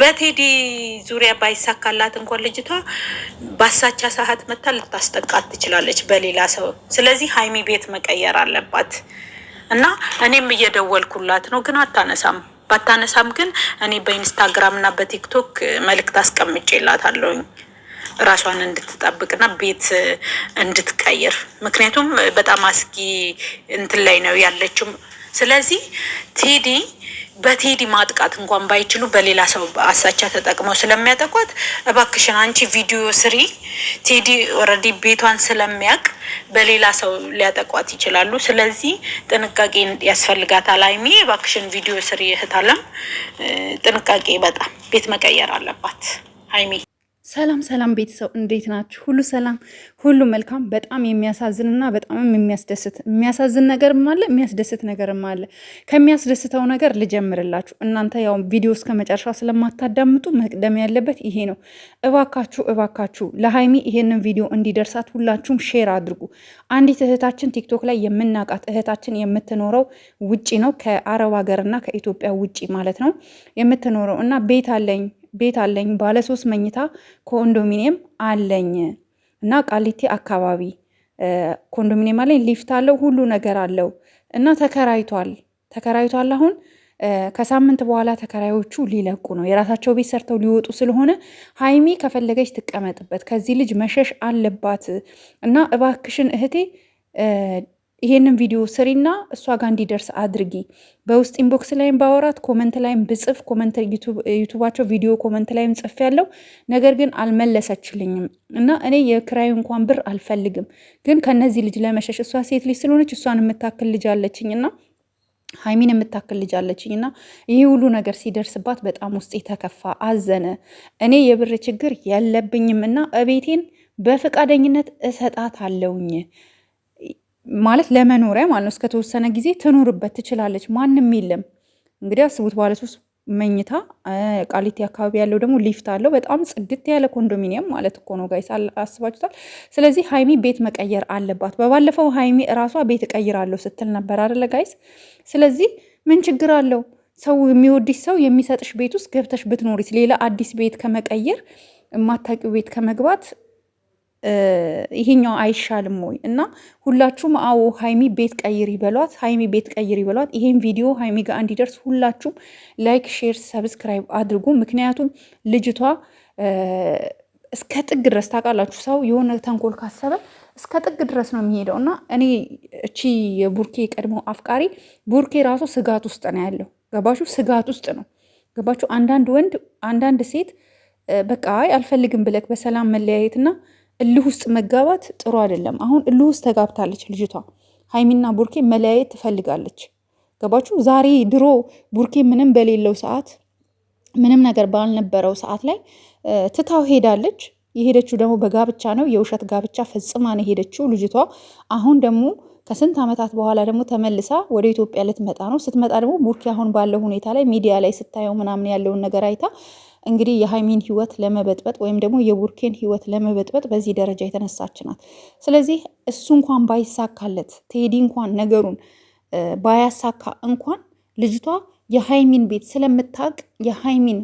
በቴዲ ዙሪያ ባይሳካላት እንኳን ልጅቷ ባሳቻ ሰዓት መታ ልታስጠቃት ትችላለች በሌላ ሰው። ስለዚህ ሀይሚ ቤት መቀየር አለባት እና እኔም እየደወልኩላት ነው፣ ግን አታነሳም። ባታነሳም ግን እኔ በኢንስታግራም እና በቲክቶክ መልእክት አስቀምጬላታለሁኝ ራሷን እንድትጠብቅና ቤት እንድትቀይር ምክንያቱም በጣም አስጊ እንትን ላይ ነው ያለችው። ስለዚህ ቴዲ በቴዲ ማጥቃት እንኳን ባይችሉ በሌላ ሰው አሳቻ ተጠቅመው ስለሚያጠቋት እባክሽን አንቺ ቪዲዮ ስሪ። ቴዲ ኦልሬዲ ቤቷን ስለሚያውቅ በሌላ ሰው ሊያጠቋት ይችላሉ። ስለዚህ ጥንቃቄ ያስፈልጋታል። አይሚ እባክሽን ቪዲዮ ስሪ። እህታለም ጥንቃቄ በጣም ቤት መቀየር አለባት አይሚ ሰላም ሰላም ቤተሰብ እንዴት ናችሁ? ሁሉ ሰላም፣ ሁሉ መልካም። በጣም የሚያሳዝን እና በጣም የሚያስደስት የሚያሳዝን ነገርም አለ፣ የሚያስደስት ነገርም አለ። ከሚያስደስተው ነገር ልጀምርላችሁ። እናንተ ያው ቪዲዮ እስከ መጨረሻ ስለማታዳምጡ መቅደም ያለበት ይሄ ነው። እባካችሁ እባካችሁ ለሀይሚ ይሄንን ቪዲዮ እንዲደርሳት ሁላችሁም ሼር አድርጉ። አንዲት እህታችን ቲክቶክ ላይ የምናውቃት እህታችን የምትኖረው ውጪ ነው ከአረብ ሀገር ከኢትዮጵያ ውጪ ማለት ነው የምትኖረው እና ቤት አለኝ ቤት አለኝ ባለ ሶስት መኝታ ኮንዶሚኒየም አለኝ እና ቃሊቴ አካባቢ ኮንዶሚኒየም አለኝ። ሊፍት አለው፣ ሁሉ ነገር አለው እና ተከራይቷል ተከራይቷል። አሁን ከሳምንት በኋላ ተከራዮቹ ሊለቁ ነው፣ የራሳቸው ቤት ሰርተው ሊወጡ ስለሆነ ሀይሚ ከፈለገች ትቀመጥበት፣ ከዚህ ልጅ መሸሽ አለባት እና እባክሽን እህቴ ይሄንን ቪዲዮ ስሪና እሷ ጋር እንዲደርስ አድርጊ። በውስጥ ኢንቦክስ ላይም ባወራት ኮመንት ላይም ብጽፍ ኮመንት ዩቱባቸው ቪዲዮ ኮመንት ላይም ጽፍ ያለው ነገር ግን አልመለሰችልኝም እና እኔ የክራይ እንኳን ብር አልፈልግም፣ ግን ከነዚህ ልጅ ለመሸሽ እሷ ሴት ልጅ ስለሆነች እሷን የምታክል ልጅ አለችኝ እና ሀይሚን የምታክል ልጅ አለችኝ እና ይህ ሁሉ ነገር ሲደርስባት በጣም ውስጤ ተከፋ፣ አዘነ። እኔ የብር ችግር የለብኝም እና እቤቴን በፈቃደኝነት እሰጣት አለውኝ ማለት ለመኖሪያ ማለት ነው። እስከተወሰነ ጊዜ ትኖርበት ትችላለች። ማንም የለም እንግዲህ አስቡት። ባለሶስት መኝታ ቃሊቲ አካባቢ ያለው ደግሞ ሊፍት አለው። በጣም ጽድት ያለ ኮንዶሚኒየም ማለት እኮ ነው ጋይስ፣ አስባችሁታል። ስለዚህ ሀይሚ ቤት መቀየር አለባት። በባለፈው ሀይሚ እራሷ ቤት እቀይራለሁ ስትል ነበር አደለ ጋይስ? ስለዚህ ምን ችግር አለው? ሰው የሚወድሽ ሰው የሚሰጥሽ ቤት ውስጥ ገብተሽ ብትኖሪስ ሌላ አዲስ ቤት ከመቀየር የማታውቂው ቤት ከመግባት ይሄኛው አይሻልም ወይ? እና ሁላችሁም አዎ ሀይሚ ቤት ቀይሪ በሏት፣ ሀይሚ ቤት ቀይሪ በሏት። ይሄን ቪዲዮ ሀይሚ ጋር እንዲደርስ ሁላችሁም ላይክ፣ ሼር፣ ሰብስክራይብ አድርጉ። ምክንያቱም ልጅቷ እስከ ጥግ ድረስ ታውቃላችሁ፣ ሰው የሆነ ተንኮል ካሰበ እስከ ጥግ ድረስ ነው የሚሄደው። እና እኔ እቺ የቡርኬ ቀድሞ አፍቃሪ ቡርኬ ራሱ ስጋት ውስጥ ነው ያለው። ገባችሁ? ስጋት ውስጥ ነው ገባችሁ? አንዳንድ ወንድ አንዳንድ ሴት በቃ አይ አልፈልግም ብለክ በሰላም መለያየትና እልህ ውስጥ መጋባት ጥሩ አይደለም። አሁን እልህ ውስጥ ተጋብታለች ልጅቷ። ሀይሚና ቡርኬ መለያየት ትፈልጋለች። ገባችሁ? ዛሬ ድሮ ቡርኬ ምንም በሌለው ሰዓት፣ ምንም ነገር ባልነበረው ሰዓት ላይ ትታው ሄዳለች። የሄደችው ደግሞ በጋብቻ ነው። የውሸት ጋብቻ ፈጽማ ነው የሄደችው ልጅቷ። አሁን ደግሞ ከስንት ዓመታት በኋላ ደግሞ ተመልሳ ወደ ኢትዮጵያ ልትመጣ ነው። ስትመጣ ደግሞ ቡርኬ አሁን ባለው ሁኔታ ላይ ሚዲያ ላይ ስታየው ምናምን ያለውን ነገር አይታ እንግዲህ የሀይሚን ህይወት ለመበጥበጥ ወይም ደግሞ የቡርኬን ህይወት ለመበጥበጥ በዚህ ደረጃ የተነሳች ናት። ስለዚህ እሱ እንኳን ባይሳካለት ቴዲ እንኳን ነገሩን ባያሳካ እንኳን ልጅቷ የሃይሚን ቤት ስለምታውቅ የሀይሚን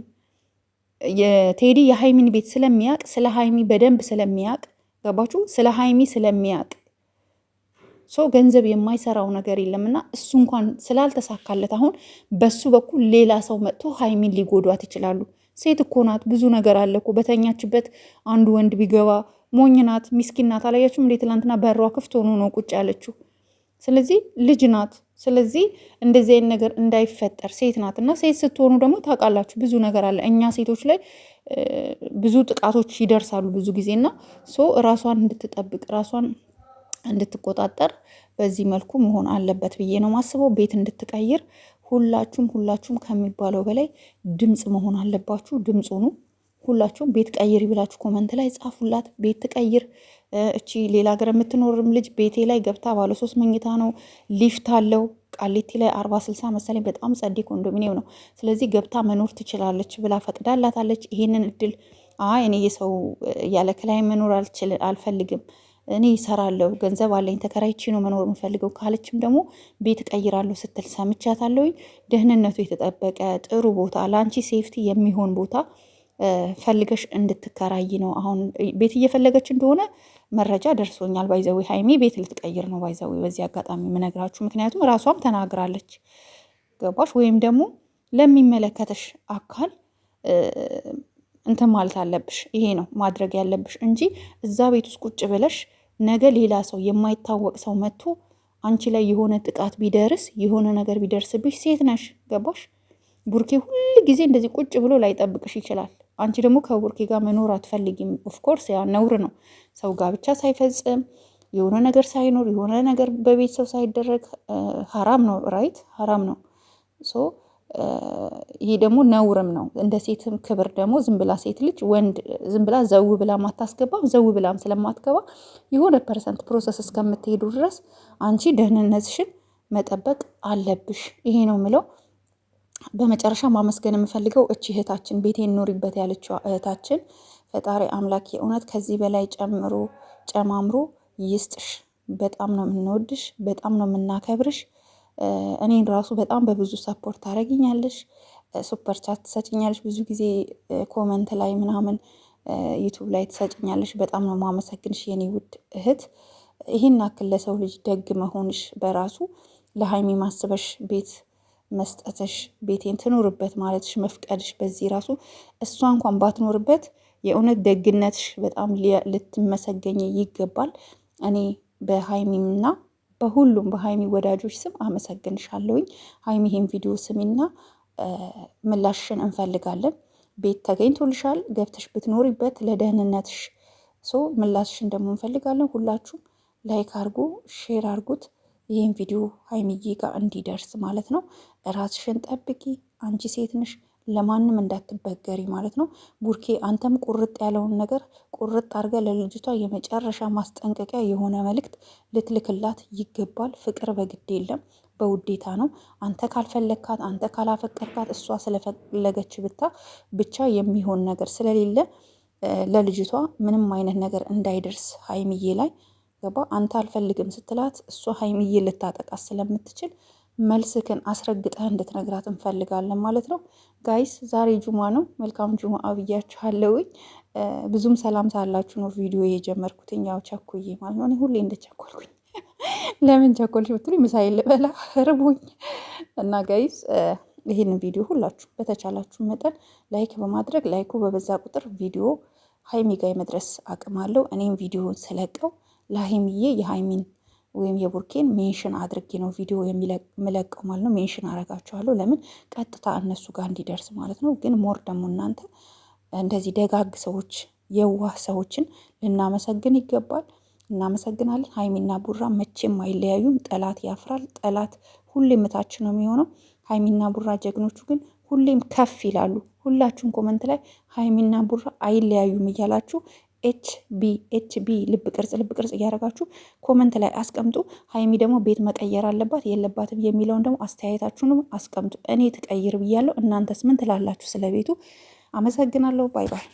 ቴዲ የሃይሚን ቤት ስለሚያውቅ ስለ ሃይሚ በደንብ ስለሚያውቅ ገባችሁ? ስለ ሃይሚ ስለሚያውቅ ሰው ገንዘብ የማይሰራው ነገር የለምና እሱ እንኳን ስላልተሳካለት አሁን በሱ በኩል ሌላ ሰው መጥቶ ሀይሚን ሊጎዷት ይችላሉ። ሴት እኮ ናት። ብዙ ነገር አለ እኮ በተኛችበት አንዱ ወንድ ቢገባ ሞኝ ናት፣ ሚስኪን ናት። አላያችሁም እንዴ? ትላንትና በሯ ክፍት ሆኖ ነው ቁጭ ያለችው። ስለዚህ ልጅ ናት። ስለዚህ እንደዚህ አይነት ነገር እንዳይፈጠር ሴት ናት እና ሴት ስትሆኑ ደግሞ ታውቃላችሁ ብዙ ነገር አለ። እኛ ሴቶች ላይ ብዙ ጥቃቶች ይደርሳሉ ብዙ ጊዜ እና ሶ ራሷን እንድትጠብቅ ራሷን እንድትቆጣጠር በዚህ መልኩ መሆን አለበት ብዬ ነው ማስበው። ቤት እንድትቀይር ሁላችሁም ሁላችሁም ከሚባለው በላይ ድምፅ መሆን አለባችሁ። ድምፅ ሁኑ። ሁላችሁም ቤት ቀይር ብላችሁ ኮመንት ላይ ጻፉላት። ቤት ትቀይር። እቺ ሌላ ሀገር የምትኖርም ልጅ ቤቴ ላይ ገብታ ባለ ሶስት መኝታ ነው፣ ሊፍት አለው። ቃሊቲ ላይ አርባ ስልሳ መሰለኝ በጣም ጸዴ ኮንዶሚኒየም ነው። ስለዚህ ገብታ መኖር ትችላለች ብላ ፈቅዳላታለች። ይሄንን እድል አይ እኔ የሰው ያለ ክላይ መኖር አልፈልግም እኔ ይሰራለሁ ገንዘብ አለኝ ተከራይቼ ነው መኖር የምፈልገው ካለችም ደግሞ ቤት እቀይራለሁ ስትል ሰምቻታለሁኝ። ደህንነቱ የተጠበቀ ጥሩ ቦታ ለአንቺ ሴፍቲ የሚሆን ቦታ ፈልገሽ እንድትከራይ ነው። አሁን ቤት እየፈለገች እንደሆነ መረጃ ደርሶኛል። ባይዘዊ ሀይሜ ቤት ልትቀይር ነው። ባይዘዊ፣ በዚህ አጋጣሚ የምነግራችሁ ምክንያቱም ራሷም ተናግራለች። ገባሽ? ወይም ደግሞ ለሚመለከተሽ አካል እንትን ማለት አለብሽ። ይሄ ነው ማድረግ ያለብሽ እንጂ እዛ ቤት ውስጥ ቁጭ ብለሽ ነገ ሌላ ሰው የማይታወቅ ሰው መጥቶ አንቺ ላይ የሆነ ጥቃት ቢደርስ የሆነ ነገር ቢደርስብሽ፣ ሴት ነሽ፣ ገባሽ? ቡርኬ ሁል ጊዜ እንደዚህ ቁጭ ብሎ ላይጠብቅሽ ይችላል። አንቺ ደግሞ ከቡርኬ ጋር መኖር አትፈልጊም። ኦፍኮርስ ያ ነውር ነው። ሰው ጋብቻ ሳይፈጽም የሆነ ነገር ሳይኖር የሆነ ነገር በቤተሰብ ሳይደረግ ሀራም ነው፣ ራይት ሀራም ነው ሶ ይሄ ደግሞ ነውርም ነው። እንደ ሴትም ክብር ደግሞ ዝም ብላ ሴት ልጅ ወንድ ዝም ብላ ዘው ብላ ማታስገባም ዘው ብላም ስለማትገባ የሆነ ፐርሰንት ፕሮሰስ እስከምትሄዱ ድረስ አንቺ ደህንነትሽን መጠበቅ አለብሽ። ይሄ ነው ምለው። በመጨረሻ ማመስገን የምፈልገው እቺ እህታችን ቤቴን ኖሪበት ያለችው እህታችን ፈጣሪ አምላክ የእውነት ከዚህ በላይ ጨምሮ ጨማምሮ ይስጥሽ። በጣም ነው የምንወድሽ፣ በጣም ነው የምናከብርሽ። እኔን ራሱ በጣም በብዙ ሰፖርት ታደርጊኛለሽ፣ ሱፐር ቻት ትሰጭኛለሽ፣ ብዙ ጊዜ ኮመንት ላይ ምናምን ዩቱብ ላይ ትሰጭኛለሽ። በጣም ነው ማመሰግንሽ የኔ ውድ እህት። ይህን አክል ለሰው ልጅ ደግ መሆንሽ በራሱ ለሀይሚ ማስበሽ፣ ቤት መስጠትሽ፣ ቤቴን ትኖርበት ማለትሽ፣ መፍቀድሽ በዚህ ራሱ እሷ እንኳን ባትኖርበት የእውነት ደግነትሽ በጣም ልትመሰገኝ ይገባል። እኔ በሀይሚና በሁሉም በሀይሚ ወዳጆች ስም አመሰግንሻለሁኝ። ሀይሚ ቪዲዮ ስሚና ምላሽን እንፈልጋለን። ቤት ተገኝቶልሻል፣ ገብተሽ ብትኖሪበት ለደህንነትሽ። ሶ ምላሽን ደግሞ እንፈልጋለን። ሁላችሁም ላይክ አርጉ፣ ሼር አርጉት ይህን ቪዲዮ ሀይሚዬ ጋር እንዲደርስ ማለት ነው። ራስሽን ጠብቂ፣ አንቺ ሴት ነሽ። ለማንም እንዳትበገሪ ማለት ነው። ቡርኬ አንተም ቁርጥ ያለውን ነገር ቁርጥ አድርጋ ለልጅቷ የመጨረሻ ማስጠንቀቂያ የሆነ መልእክት ልትልክላት ይገባል። ፍቅር በግድ የለም በውዴታ ነው። አንተ ካልፈለግካት፣ አንተ ካላፈቀርካት እሷ ስለፈለገች ብታ ብቻ የሚሆን ነገር ስለሌለ ለልጅቷ ምንም አይነት ነገር እንዳይደርስ ሀይምዬ ላይ ገባ። አንተ አልፈልግም ስትላት እሷ ሀይምዬ ልታጠቃት ስለምትችል መልስክን አስረግጠህ እንድትነግራት እንፈልጋለን ማለት ነው። ጋይስ ዛሬ ጁማ ነው። መልካም ጁማ አብያችኋለሁኝ። ብዙም ሰላም ሳላችሁ ነው ቪዲዮ የጀመርኩት ያው ቸኩዬ ማለት ነው። ሁሌ እንደቸኮልኩኝ ለምን ቸኮልሽ ብትሉ ምሳዬ ልበላ እርቦኝ እና ጋይስ ይህን ቪዲዮ ሁላችሁ በተቻላችሁ መጠን ላይክ በማድረግ ላይኩ በበዛ ቁጥር ቪዲዮ ሀይሚ ጋር የመድረስ አቅም አለው። እኔም ቪዲዮ ስለቀው ለሀይሚዬ የሀይሚን ወይም የቡርኬን ሜንሽን አድርጌ ነው ቪዲዮ የሚለቀው ማለት ነው። ሜንሽን አረጋችኋለሁ። ለምን ቀጥታ እነሱ ጋር እንዲደርስ ማለት ነው። ግን ሞር ደግሞ እናንተ እንደዚህ ደጋግ ሰዎች፣ የዋህ ሰዎችን ልናመሰግን ይገባል። እናመሰግናለን። ሀይሚና ቡራ መቼም አይለያዩም። ጠላት ያፍራል። ጠላት ሁሌም እታች ነው የሚሆነው። ሀይሚና ቡራ ጀግኖቹ ግን ሁሌም ከፍ ይላሉ። ሁላችሁም ኮመንት ላይ ሀይሚና ቡራ አይለያዩም እያላችሁ ኤች ቢ ኤች ቢ ልብ ቅርጽ ልብ ቅርጽ እያደረጋችሁ ኮመንት ላይ አስቀምጡ። ሀይሚ ደግሞ ቤት መቀየር አለባት የለባትም የሚለውን ደግሞ አስተያየታችሁንም አስቀምጡ። እኔ ትቀይር ብያለሁ። እናንተስ ምን ትላላችሁ ስለ ቤቱ? አመሰግናለሁ። ባይ ባይ።